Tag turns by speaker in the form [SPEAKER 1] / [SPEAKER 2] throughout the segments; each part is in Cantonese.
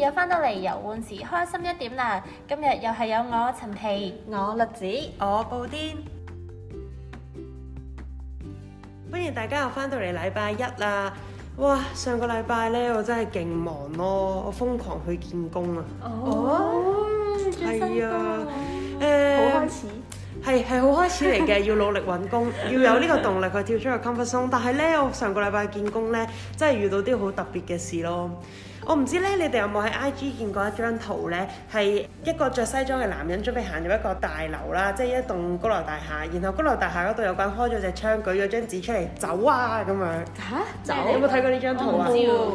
[SPEAKER 1] 又翻到嚟遊玩時開心一點啦！今日又係有我陳皮，我栗子，我布甸。歡迎大家又翻到嚟禮拜一啦！哇，上個禮拜咧，我真係勁忙咯，我瘋狂去見工、哦哦、啊！哦，係啊，誒，好開始，係係好開始嚟嘅，要努力搵工， 要有呢個動力去跳出個 comfort zone，但係咧，我上個禮拜見工咧，真係遇到啲好特別嘅事咯。我唔知咧，你哋有冇喺 IG 見過一張圖咧？係一個着西裝嘅男人準備行入一個大樓啦，即係一棟高樓大廈，然後高樓大廈嗰度有個人開咗隻窗，舉咗張紙出嚟走啊咁樣嚇走！咩？有冇睇過呢張圖啊？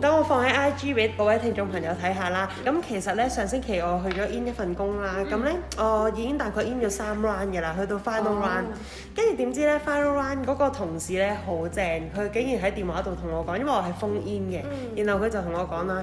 [SPEAKER 1] 等我，我放喺 IG 俾各位聽眾朋友睇下啦。咁其實咧，上星期我去咗 in 一份工啦。咁咧、嗯，我已經大概 in 咗三 round 嘅啦，去到 final round。跟住點知咧，final round 嗰個同事咧，好正，佢竟然喺電話度同我講，因為我係封 in 嘅，嗯、然後佢就同我講啦。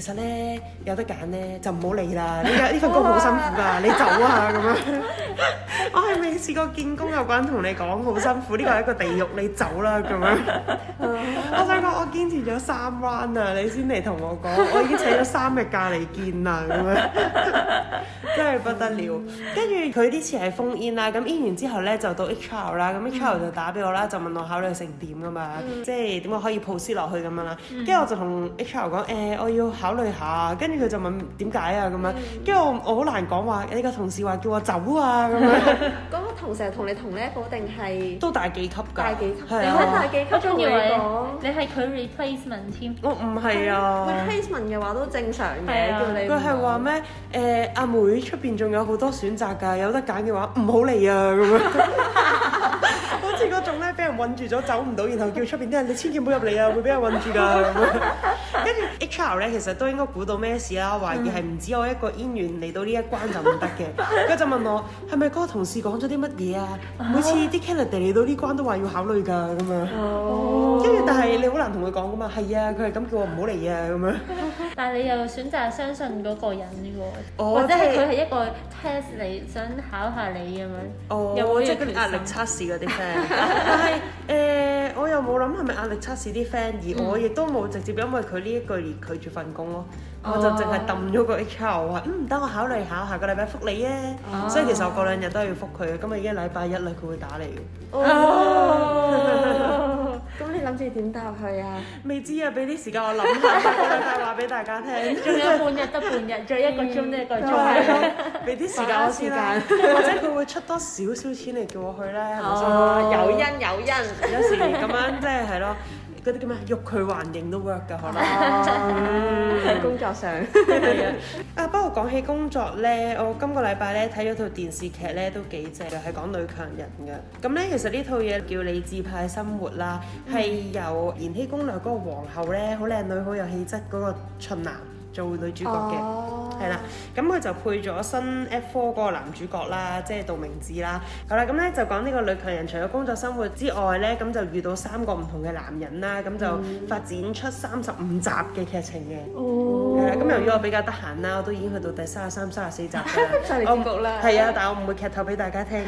[SPEAKER 1] 其實咧有得揀咧就唔好理啦！依家呢份工好辛苦噶， 你走啊咁樣。我係未試過見工有個人同你講好辛苦，呢個係一個地獄，你走啦、啊、咁樣。 我想講，我堅持咗三 round 啊，你先嚟同我講，我已經請咗三日假嚟見啊咁樣， 真係不得了。跟住佢呢次係封 in 啦，咁 in 完之後咧就到 H R 啦，咁 H R 就打俾我啦，嗯、就問我考慮成點噶嘛，嗯、即係點解可以 push 落去咁樣啦。跟住、嗯、我就同 H R 講，誒、欸、我要考慮下，跟住佢就問點解啊咁樣，跟住我好難講話。呢個同事話叫我走啊咁樣。嗰個同事同你同呢個定係都大幾級㗎？大幾級？你係大幾級仲要我講？你係佢 replacement 添？我唔係啊。Replacement 嘅話都正常嘅，叫你佢係話咩？誒阿妹出邊仲有好多選擇㗎，有得揀嘅話唔好嚟啊咁樣。好似嗰種咧，俾人韞住咗走唔到，然後叫出邊啲人你千祈唔好入嚟啊，會俾人韞住噶。跟住 HR 咧，其實都應該估到咩事啦，懷疑係唔止我一個演員嚟到呢一關就唔得嘅。佢 就問我係咪嗰個同事講咗啲乜嘢啊？啊每次啲 Candidate 嚟到呢一關都話要考慮㗎咁樣。哦、跟住但係你好難同佢講噶嘛，係啊，佢係咁叫我唔好嚟啊咁樣。但係你又選擇相信嗰個人喎，哦、或者係佢係一個 test 你、哦、想考下你咁樣，又、哦哦、即係壓力測試嗰啲啫。 但係誒、呃，我又冇諗係咪壓力測試啲 friend，而我亦都冇直接因為佢呢一句而拒絕份工咯。啊、我就淨係揼咗個 HR 話，嗯，等，我考慮下，下個禮拜覆你啊。啊，所以其實我過兩日都要覆佢，今日已經禮拜一啦，佢會打嚟嘅。哦 點答佢啊？未知啊，俾啲時間我諗下，再話俾大家聽。仲有半日得半日，再一個鐘一個鐘，係咯，俾啲時間我時間。或者佢會出多少少錢嚟叫我去咧？係咪有因有因，有時咁樣即係係咯。嗰啲叫咩？欲拒還迎都 work 噶，可能喺工作上啊。不過講起工作咧，我今個禮拜咧睇咗套電視劇咧，都幾正，又係講女強人噶。咁咧，其實呢套嘢叫《理智派生活》啦，係、mm. 由《延禧攻略》嗰個皇后咧，好靚女，好有氣質嗰個秦嵐做女主角嘅。Oh. 係啦，咁佢就配咗新 F4 嗰個男主角啦，即係杜明智啦。好啦，咁咧就講呢個女強人，除咗工作生活之外咧，咁就遇到三個唔同嘅男人啦，咁就發展出三十五集嘅劇情嘅。哦。係啦，咁由於我比較得閒啦，我都已經去到第三十三、三十四集啦。唔該曬你，主係我 啊，但係我唔會劇透俾大家聽。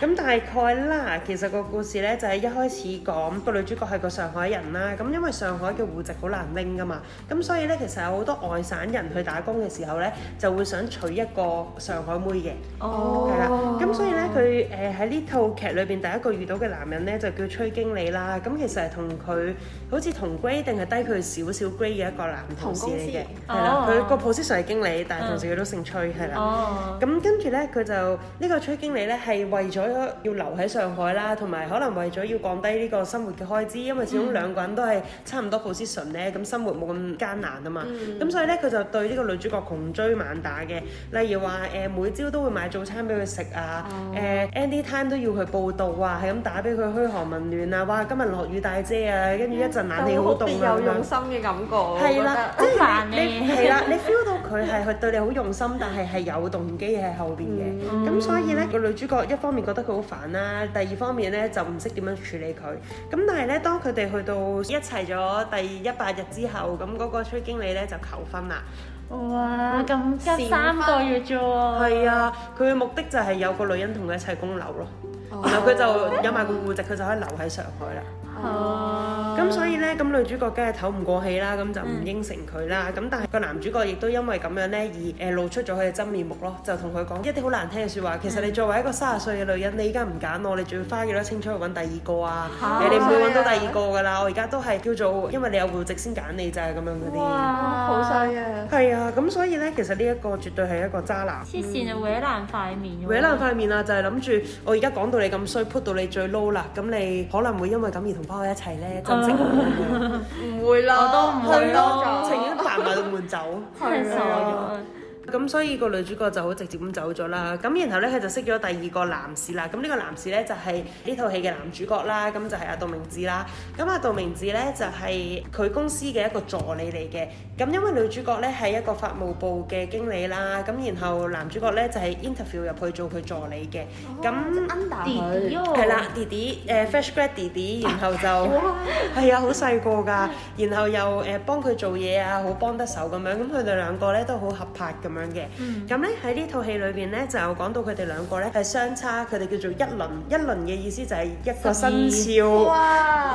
[SPEAKER 1] 咁 大概啦，其實個故事咧就係、是、一開始講個女主角係個上海人啦。咁因為上海嘅戶籍好難拎㗎嘛，咁所以咧其實有好多外省人去打工嘅。時候咧就會想娶一個上海妹嘅，哦、oh.，係啦。咁所以咧佢誒喺呢、oh. 呃、套劇裏邊第一個遇到嘅男人咧就叫崔經理啦。咁、嗯、其實係同佢好似同 grade 定係低佢少少 grade 嘅一個男同事嚟嘅，係、oh. 啦。佢個 position 係經理，但係同時佢都姓崔，係啦。哦。咁跟住咧佢就呢、這個崔經理咧係為咗要留喺上海啦，同埋可能為咗要降低呢個生活嘅開支，因為始終兩個人都係差唔多 position 咧，咁生活冇咁艱難啊嘛。咁、mm. 所以咧佢就對呢個女主角，窮追猛打嘅，例如話誒每朝都會買早餐俾佢食啊，誒 anytime 都要佢報到啊，係咁打俾佢噓寒問暖啊，哇今日落雨帶遮啊，跟住一陣冷氣好凍咁有用心嘅感覺。係啦，即係你係啦，你 feel 到佢係佢對你好用心，但係係有動機喺後邊嘅。咁所以咧，個女主角一方面覺得佢好煩啦，第二方面咧就唔識點樣處理佢。咁但係咧，當佢哋去到一齊咗第一百日之後，咁嗰個崔經理咧就求婚啦。哇，咁得三個月啫喎！係分啊，佢嘅目的就係有個女人同佢一齊供樓咯，然後佢就有埋個戶籍，佢就可以留喺上海啦。好。Oh. 咁所以咧，咁女主角梗係唞唔過氣啦，咁就唔應承佢啦。咁但係個男主角亦都因為咁樣咧，而誒露出咗佢嘅真面目咯，就同佢講一啲好難聽嘅説話。其實你作為一個三十歲嘅女人，你而家唔揀我，你仲要花幾多青春去揾第二個啊？你哋唔會揾到第二個㗎啦。我而家都係叫做因為你有戶籍先揀你咋咁樣嗰啲。哇！好犀啊！係啊，咁所以咧，其實呢一個絕對係一個渣男。黐線啊！搲爛塊面，搲爛塊面啊！就係諗住我而家講到你咁衰，put 到你最 low 啦，咁你可能會因為咁而同翻我一齊咧。唔會， 唔會啦，我都唔會咯對啦，情願行埋條門走。係啊。咁所以個女主角就好直接咁走咗啦。咁然後咧，佢就識咗第二個男士啦。咁呢個男士咧就係呢套戲嘅男主角啦。咁就係阿杜明治啦。咁阿杜明治咧就係佢公司嘅一個助理嚟嘅。咁因為女主角咧係一個法務部嘅經理啦。咁然後男主角咧就係 interview 入去做佢助理嘅。咁 under 佢係啦，弟弟誒 fresh grad 弟弟，然後就係啊，好細個㗎。然後又誒幫佢做嘢啊，好幫得手咁樣。咁佢哋兩個咧都好合拍咁樣。嘅，咁咧喺呢套戲裏邊咧就有講到佢哋兩個咧係相差，佢哋叫做一輪一輪嘅意思就係一個生肖，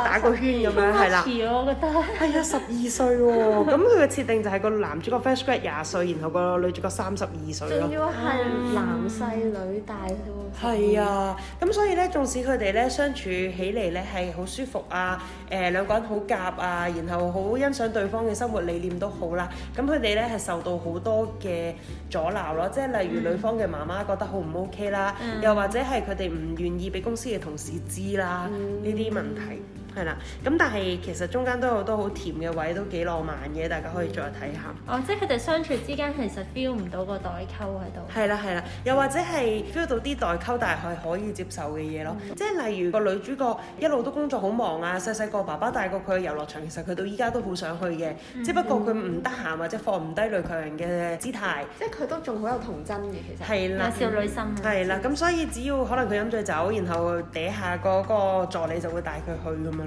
[SPEAKER 1] 打個圈咁樣係啦。我覺得係啊，十二歲喎，咁佢嘅設定就係個男主角 fresh grad 廿歲，然後個女主角三十二歲咯。仲要係男細女大添，係啊，咁所以咧，縱使佢哋咧相處起嚟咧係好舒服啊，誒，兩個人好夾啊，然後好欣賞對方嘅生活理念都好啦，咁佢哋咧係受到好多嘅。阻撓咯，即係例如、嗯、女方嘅媽媽覺得好唔 OK 啦，嗯、又或者係佢哋唔願意俾公司嘅同事知啦，呢啲、嗯、問題。係啦，咁但係其實中間都有好多好甜嘅位，都幾浪漫嘅，大家可以再睇下。哦，即係佢哋相處之間其實 feel 唔到個代溝喺度。係啦係啦，又或者係 feel 到啲代溝，但係可以接受嘅嘢咯。即係例如個女主角一路都工作好忙啊，細細個爸爸帶過佢去遊樂場，其實佢到依家都好想去嘅，只不過佢唔得閒或者放唔低女強人嘅姿態。即係佢都仲好有童真嘅，其實。係啦，少女心。係啦，咁所以只要可能佢飲醉酒，然後底下嗰個助理就會帶佢去咁樣。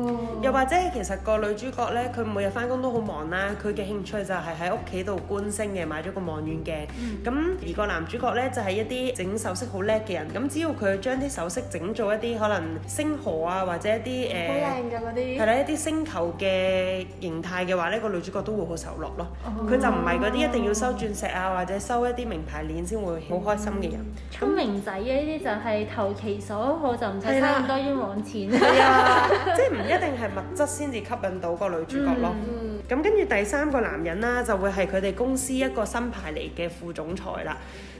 [SPEAKER 1] 又或者其實個女主角咧，佢每日翻工都好忙啦。佢嘅興趣就係喺屋企度觀星嘅，買咗個望遠鏡。咁、嗯、而個男主角咧就係、是、一啲整首飾好叻嘅人。咁只要佢將啲首飾整做一啲可能星河啊，或者一啲誒，好靚㗎嗰啲，係啦一啲星球嘅形態嘅話咧，個女主角都會好受落咯。佢、哦、就唔係嗰啲一定要收鑽石啊，嗯、或者收一啲名牌鏈先會好開心嘅人。嗯、那聰明仔嘅呢啲就係投其所好，就唔使差咁多冤枉錢。係啊，即係唔一定係。物質先至吸引到個女主角咯，咁跟住第三個男人啦、啊，就會係佢哋公司一個新牌嚟嘅副總裁啦，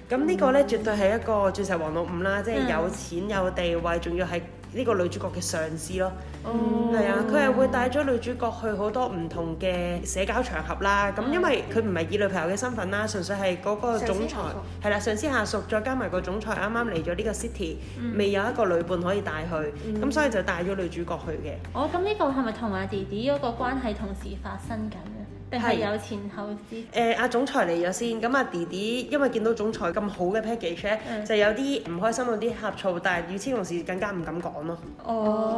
[SPEAKER 1] 咁呢個咧、嗯、絕對係一個鑽石王老五啦，即、就、係、是、有錢有地位，仲、嗯、要係。呢個女主角嘅上司咯，係、oh. 啊，佢係會帶咗女主角去好多唔同嘅社交場合啦。咁因為佢唔係以女朋友嘅身份啦，純粹係嗰個總裁係啦，上司下屬，再加埋個總裁啱啱嚟咗呢個 city，未有一個女伴可以帶佢，咁、mm hmm. 所以就帶咗女主角去嘅。哦，咁呢個係咪同阿 Daddy 嗰個關係同時發生緊？定係有前後史。誒阿、呃、總裁嚟咗先，咁阿弟弟因為見到總裁咁好嘅 package，、嗯、就有啲唔開心，有啲呷醋。但係與此同時更加唔敢講咯，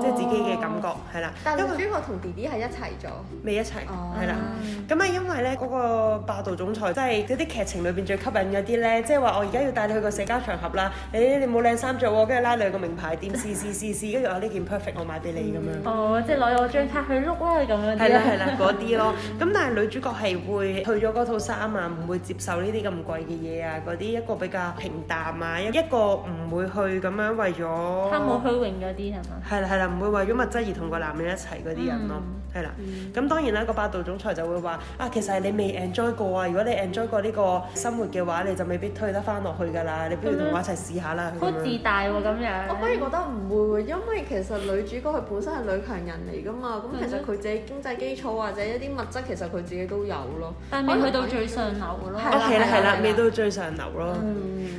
[SPEAKER 1] 即係、哦、自己嘅感覺係啦。但係主角同弟弟係一齊咗，未為一齊係啦。咁啊、哦，因為咧嗰、那個霸道總裁即係嗰啲劇情裏邊最吸引嗰啲咧，即係話我而家要帶你去個社交場合啦。誒你冇靚衫着喎，跟住拉兩個名牌店試試試試，跟住我呢件 perfect，我買俾你咁樣。嗯、哦，即係攞我張卡去碌啦咁樣。係啦係啦，嗰啲、嗯、 咯。咁但係女主角係會退咗嗰套衫啊，唔會接受呢啲咁貴嘅嘢啊，嗰啲一個比較平淡啊，一一個唔會去咁樣為咗，佢冇虛榮嗰啲係嘛？係啦係啦，唔會為咗物質而同個男人一齊嗰啲人咯，係啦。咁當然啦，個霸道總裁就會話啊，其實係你未 enjoy 過啊，如果你 enjoy 過呢個生活嘅話，你就未必推得翻落去㗎啦，你不如同我一齊試下啦。好自大喎咁樣。我反而覺得唔會，因為其實女主角佢本身係女強人嚟㗎嘛，咁其實佢自己經濟基礎或者一啲物質其實佢。自己都有咯，但未去到最上流嘅咯。係啦係啦，未到最上流咯。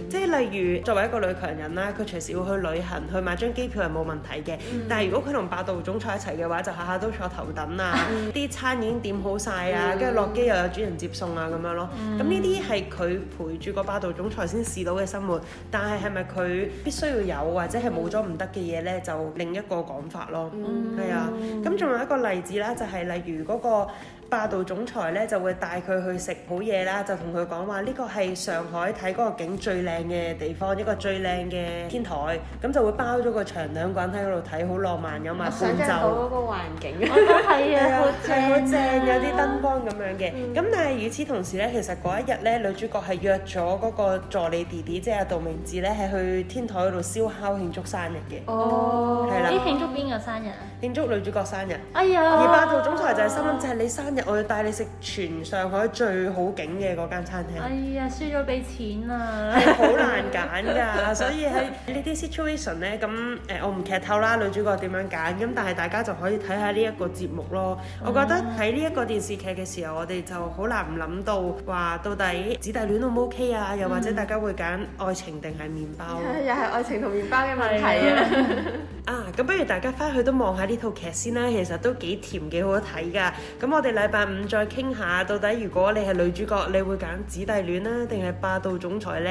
[SPEAKER 1] 即係例如作為一個女強人啦，佢隨時會去旅行，去買張機票係冇問題嘅。但係如果佢同霸道總裁一齊嘅話，就下下都坐頭等啊，啲餐已經點好晒啊，跟住落機又有專人接送啊咁樣咯。咁呢啲係佢陪住個霸道總裁先試到嘅生活，但係係咪佢必須要有或者係冇咗唔得嘅嘢呢？就另一個講法咯。係啊，咁仲有一個例子咧，就係例如嗰個。霸道總裁咧就會帶佢去食好嘢啦，就同佢講話呢個係上海睇嗰個景最靚嘅地方，一個最靚嘅天台，咁、嗯、就會包咗個場兩個人喺嗰度睇，好浪漫有埋伴奏，嗰個環境係啊，係好正，有啲燈光咁樣嘅。咁、嗯、但係與此同時咧，其實嗰一日咧，女主角係約咗嗰個助理弟弟，即、就、係、是、阿杜明智咧，係去天台嗰度燒烤慶祝生日嘅。哦，係啦，哦、慶祝邊個生日啊？慶祝女主角生日。哎呀呦，而霸道總裁就係心諗，哦、就係你生。我要帶你食全上海最好景嘅嗰間餐廳。哎呀，輸咗俾錢啊！好難揀㗎， 所以喺呢啲 situation 咧，咁誒、呃、我唔劇透啦，女主角點樣揀？咁但係大家就可以睇下呢一個節目咯。嗯、我覺得睇呢一個電視劇嘅時候，我哋就好難唔諗到話到底子弟戀好唔 OK 啊？又或者大家會揀愛情定係麵包？嗯、 又係愛情同麵包嘅問題 啊！啊，咁不如大家翻去都望下呢套劇先啦。其實都幾甜幾好睇噶。咁我哋兩。禮拜五再傾下，到底如果你係女主角，你會揀姊弟戀啦、啊，定係霸道總裁呢？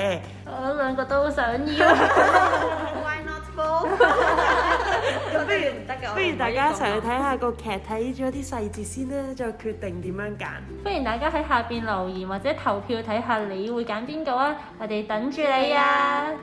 [SPEAKER 1] 我兩個都想要，Why not？咁不如唔得嘅，不，不如大家一齊去睇下個劇，睇咗啲細節先啦、啊，再決定點樣揀。歡迎大家喺下邊留言或者投票睇下你會揀邊個啊！我哋等住你啊！